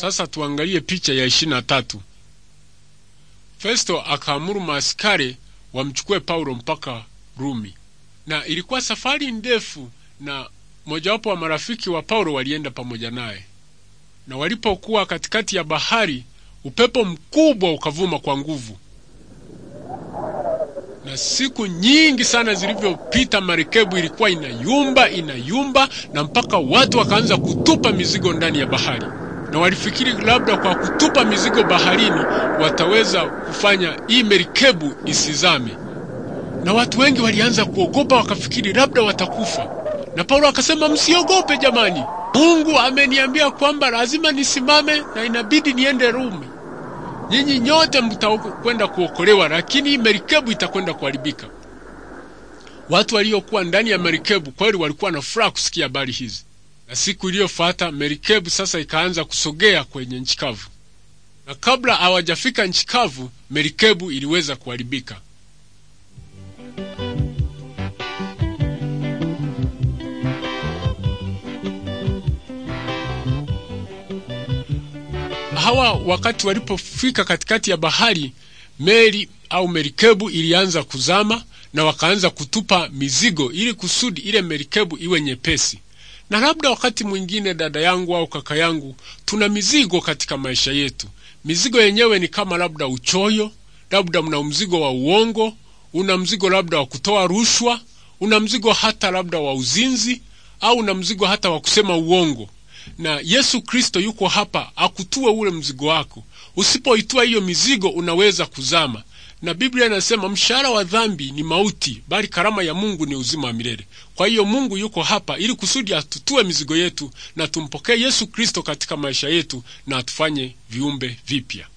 Sasa tuangalie picha ya ishirini na tatu. Festo akaamuru maaskari wamchukue Paulo mpaka Rumi, na ilikuwa safari ndefu, na mojawapo wa marafiki wa Paulo walienda pamoja naye. Na walipokuwa katikati ya bahari, upepo mkubwa ukavuma kwa nguvu, na siku nyingi sana zilivyopita, marekebu ilikuwa inayumba inayumba, na mpaka watu wakaanza kutupa mizigo ndani ya bahari na walifikiri labda kwa kutupa mizigo baharini wataweza kufanya hii merikebu isizame, na watu wengi walianza kuogopa, wakafikiri labda watakufa. Na Paulo akasema, msiogope jamani, Mungu ameniambia kwamba lazima nisimame na inabidi niende Rumi. Nyinyi nyote mtakwenda kuokolewa, lakini hii merikebu itakwenda kuharibika. Watu waliokuwa ndani ya merikebu kweli walikuwa na furaha kusikia habari hizi na siku iliyofuata merikebu sasa ikaanza kusogea kwenye nchi kavu, na kabla hawajafika nchi kavu merikebu iliweza kuharibika. Hawa wakati walipofika katikati ya bahari, meli au merikebu ilianza kuzama na wakaanza kutupa mizigo ili kusudi ile merikebu iwe nyepesi na labda wakati mwingine dada yangu au kaka yangu, tuna mizigo katika maisha yetu. Mizigo yenyewe ni kama labda uchoyo, labda mna mzigo wa uongo, una mzigo labda wa kutoa rushwa, una mzigo hata labda wa uzinzi, au una mzigo hata wa kusema uongo. Na Yesu Kristo yuko hapa akutue ule mzigo wako. Usipoitua hiyo mizigo, unaweza kuzama na Biblia inasema mshahara wa dhambi ni mauti, bali karama ya Mungu ni uzima wa milele. Kwa hiyo Mungu yuko hapa ili kusudi atutue mizigo yetu na tumpokee Yesu Kristo katika maisha yetu na atufanye viumbe vipya.